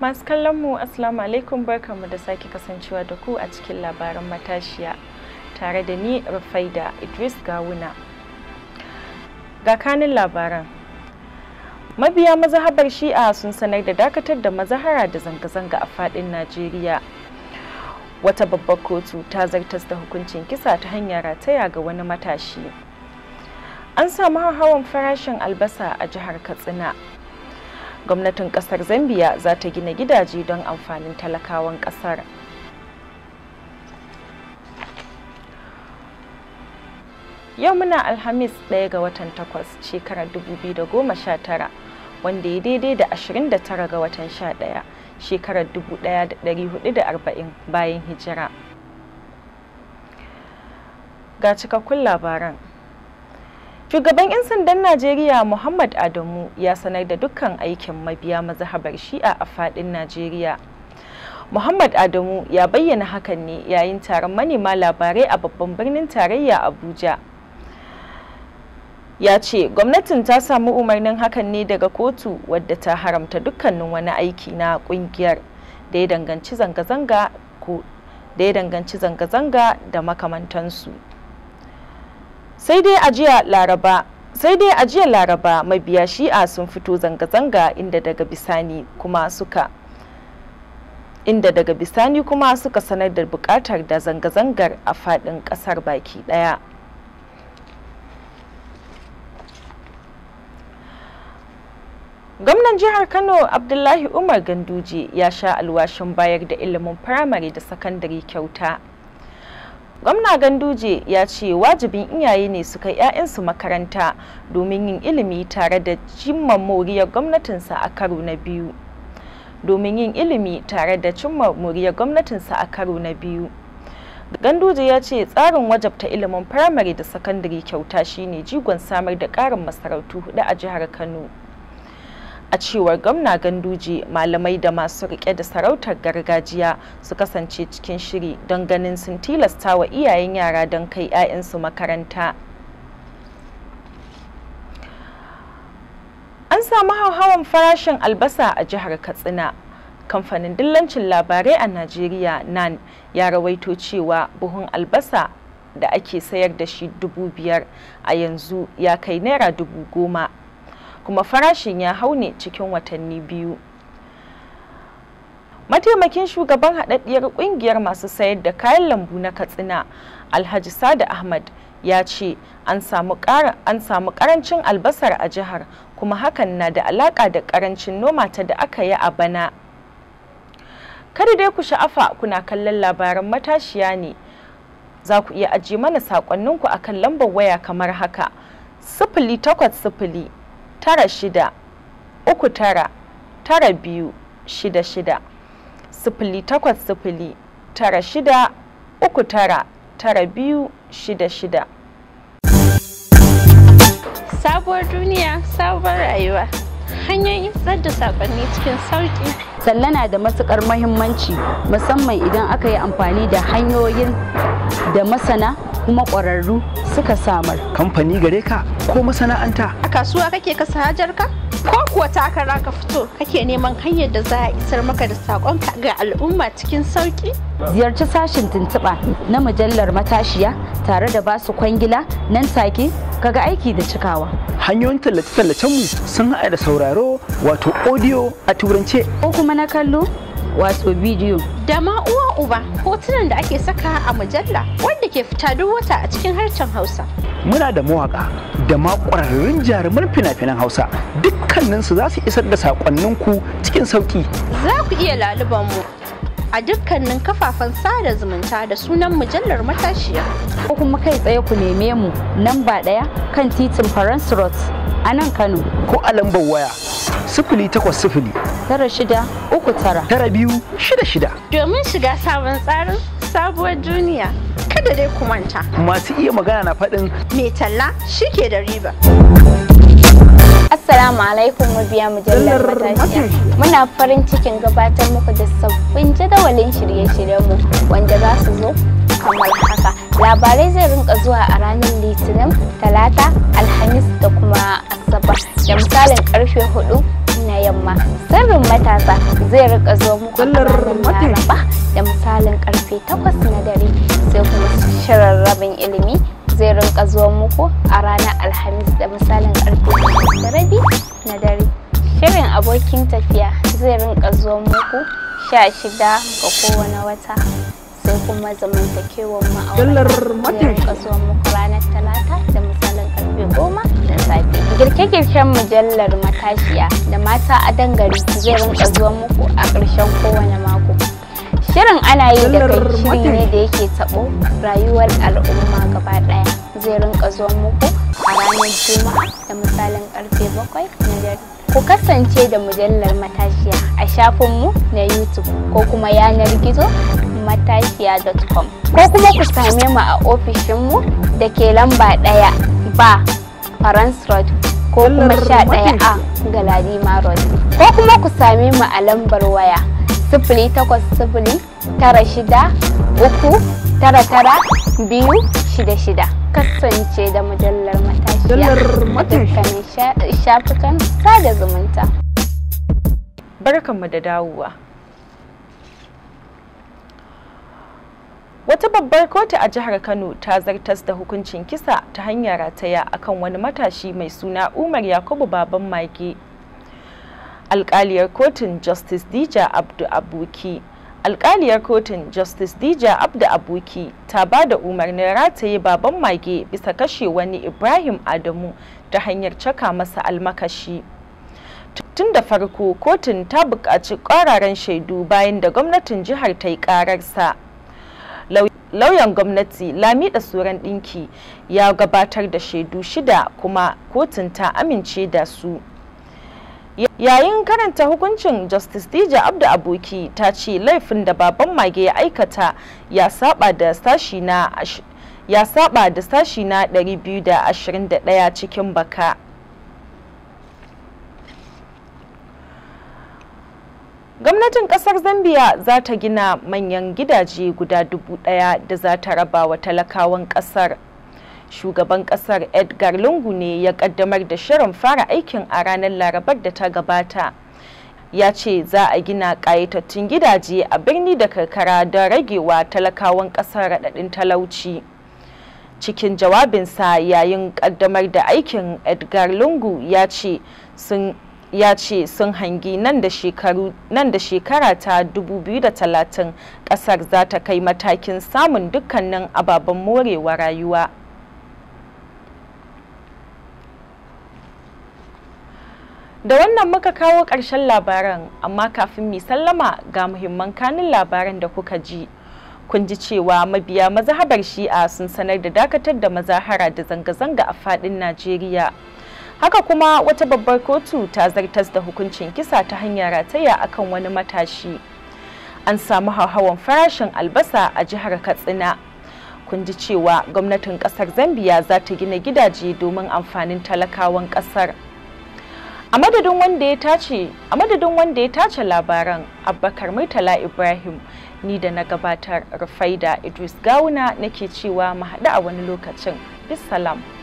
Masu kallon mu Assalamu alaikum barkanmu da sake kasancewa da ku a cikin labaran matashiya tare da ni Rufaida Idris Gawuna. Ga kanin labaran. Mabiya mazahabar Shi'a sun sanar da dakatar da mazahara da zanga-zanga a fadin Najeriya. Wata babbar kotu ta zartas da hukuncin kisa ta hanyar rataya ga wani matashi. An samu hawan farashin albasa a jihar Katsina. gwamnatin kasar zambia za ta gina gidaje don amfanin talakawan kasar yau muna alhamis ɗaya ga watan takwas shekarar 2019 wanda ya daidai da 29 ga watan 11 shekarar 1440 bayan hijira ga cikakkun labaran Shugaban 'yan sandan Najeriya Muhammad Adamu ya sanar da dukkan aikin mabiya mazhabar Shi'a a fadin Najeriya. Muhammad Adamu ya bayyana hakan ne yayin taron manema labarai a babban birnin tarayya Abuja. Ya ce gwamnatin ta samu umarnin hakan ne daga kotu wadda ta haramta dukkanin wani aiki na kungiyar da ya danganci zanga-zanga da makamantansu. sai dai a jiya laraba mabiya shi'a sun fito zanga-zanga inda daga bisani kuma suka daga bisani kuma suka sanar da bukatar da zanga-zangar a faɗin ƙasar baki ɗaya gwamnan jihar kano abdullahi umar ganduje ya sha alwashin bayar da ilimin firamare da sakandare kyauta gwamna ganduje ya ce wajibin iyaye ne su kai 'ya'yansu makaranta domin yin ilimi tare da cimma moriyar gwamnatinsa a karo na biyu domin yin ilimi tare da cimma moriyar gwamnatinsa a karo na biyu ganduje ya ce tsarin wajabta ilimin firamare da sakandare kyauta shine jigon samar da ƙarin masarautu hudu a jihar kano a cewar gwamna ganduji malamai da masu rike da sarautar gargajiya su kasance cikin shiri don ganin sun tilasta wa iyayen yara don kai 'ya'yansu makaranta an samu hauhawan farashin albasa a jihar katsina kamfanin dillancin labarai a najeriya nan ya rawaito cewa buhun albasa da ake sayar da shi dubu biyar a yanzu ya kai naira dubu goma kuma farashin ya hau ne cikin watanni biyu mataimakin shugaban haɗaɗɗiyar ƙungiyar masu sayar da kayan lambu na katsina alhaji sada ahmad ya ce an samu ƙarancin albasar a jihar kuma hakan na da alaƙa da ƙarancin noma ta da aka yi a bana kada dai ku sha'afa kuna kallon labaran matashiya ne za ku iya ajiye mana saƙonninku a kan lambar waya kamar haka sifili takwas sifili tara shida uku tara tara biyu shida shida sifili takwas sifili tara shida uku tara tara biyu shida shida. Sabuwar duniya sabuwar rayuwa hanyoyin isar da sakonni cikin sauki. Sallana na da matukar mahimmanci musamman idan aka yi amfani da hanyoyin da masana kuma ƙwararru suka samar. Kamfani gare ka ko masana'anta? A kasuwa kake kasa ka? Ko kuwa takara ka fito kake neman hanyar da za a isar maka da saƙonka ga al'umma cikin sauƙi? Ziyarci sashen tuntuɓa na mujallar matashiya tare da basu kwangila nan take kaga aiki da cikawa. Hanyoyin tallace-tallacenmu sun haɗa da sauraro wato audio a turance. Ko kuma na kallo wato bidiyo da ma uwa uba hotunan da ake saka a mujalla wanda ke fita duk wata a cikin harshen hausa muna da mawaka da ma ƙwararrun jaruman fina-finan hausa dukkaninsu za su isar da saƙonninku cikin sauki za ku iya laluban mu a dukkanin kafafen sada zumunta da sunan mujallar matashiya ko kuma kai tsaye ku neme mu nan ba ɗaya kan titin road a nan kano ko a lambar waya sifili takwas sifili tara shida uku tara tara biyu shida shida domin shiga sabon tsarin sabuwar duniya kada dai kumanta. masu iya magana na faɗin mai talla shike da riba Assalamu alaikum mabiya mujallar matashiya. Muna farin cikin gabatar muku da sabbin jadawalin shirye-shiryenmu wanda za su zo kamar haka. Labarai zai rinka zuwa a ranar Litinin, Talata, Alhamis da kuma Asabar da misalin karfe hudu na yamma sirrin matasa zai rika zo muku laraba da misalin karfe 8 na dare sai kuma shirin rabin ilimi zai rinka zuwa muku a ranar alhamis da misalin karfe da rabi na dare shirin abokin tafiya zai rinka zuwa muku sha shida ga kowane wata sai kuma zamantakewar ma'aurata zai rinka zuwa muku ranar talata da Girke-girken mujallar matashiya da mata a dangare zai rinka zuwa muku a ƙarshen kowane mako. Shirin ana yi da kai shiri ne da yake taɓo rayuwar al'umma gaba ɗaya zai rinka zuwa muku a ranar Juma'a da misalin ƙarfe bakwai na dare. Ku kasance da mujallar matashiya a shafinmu na YouTube ko kuma yanar gizo matashiya.com ko kuma ku same mu a ofishinmu da ke lamba ɗaya ba Parents Road ko kuma sha ɗaya a galadima road ko kuma ku sami mu a lambar waya sifili takwas sifili tara shida uku tara tara biyu shida shida kasance da mujallar matashiya dukkanin shafukan sada zumunta barkanmu da dawowa babbar kotu a jihar Kano ta zartas da hukuncin kisa ta hanyar rataya akan wani matashi mai suna Umar Yakubu Baban Mage. Alƙaliyar kotun Justice Dija Abdu Abuki Alƙaliyar kotun Justice Dija Abdu Abuki ta ba da umarnin rataye Baban Mage bisa kashe wani Ibrahim Adamu ta hanyar caka masa almakashi. tun da farko kotun ta buƙaci ƙwararren shaidu bayan da gwamnatin jihar ta yi ƙararsa. lauyan gwamnati lami lamida suran dinki ya gabatar da shaidu shida kuma kotun ta amince da su yayin karanta hukuncin justice dija abdu aboki ta ce laifin da baban mage ya aikata ya saba da sashi na ya saba da sashi na 221 cikin baka Gwamnatin kasar Zambia za ta gina manyan gidaje guda dubu ɗaya da za ta raba wa talakawan kasar. Shugaban kasar Edgar Lungu ne ya kaddamar da shirin fara aikin a ranar Larabar da ta gabata. Ya ce za a gina ƙayatattun gidaje a birni da karkara don ragewa talakawan kasar raɗaɗin talauci. cikin jawabinsa yayin kaddamar da aikin edgar lungu ya ce sun ya ce sun hangi nan da shekara ta 2030 kasar za ta kai matakin samun dukkanin ababen morewa rayuwa da wannan muka kawo ƙarshen labaran amma kafin mu sallama ga muhimman kanin labaran da kuka ji kun ji cewa mabiya mazahabar shi'a sun sanar da dakatar da mazahara da zanga-zanga a faɗin najeriya haka kuma wata babbar kotu ta zartas da hukuncin kisa ta hanyar rataya akan wani matashi an samu hauhawan farashin albasa a jihar katsina kun ji cewa gwamnatin kasar zambia za ta gina gidaje domin amfanin talakawan kasar a madadin wanda ya tace labaran abubakar maitala ibrahim ni da na gabatar rufaida idris gawuna nake cewa mu haɗu a wani lokacin bisalam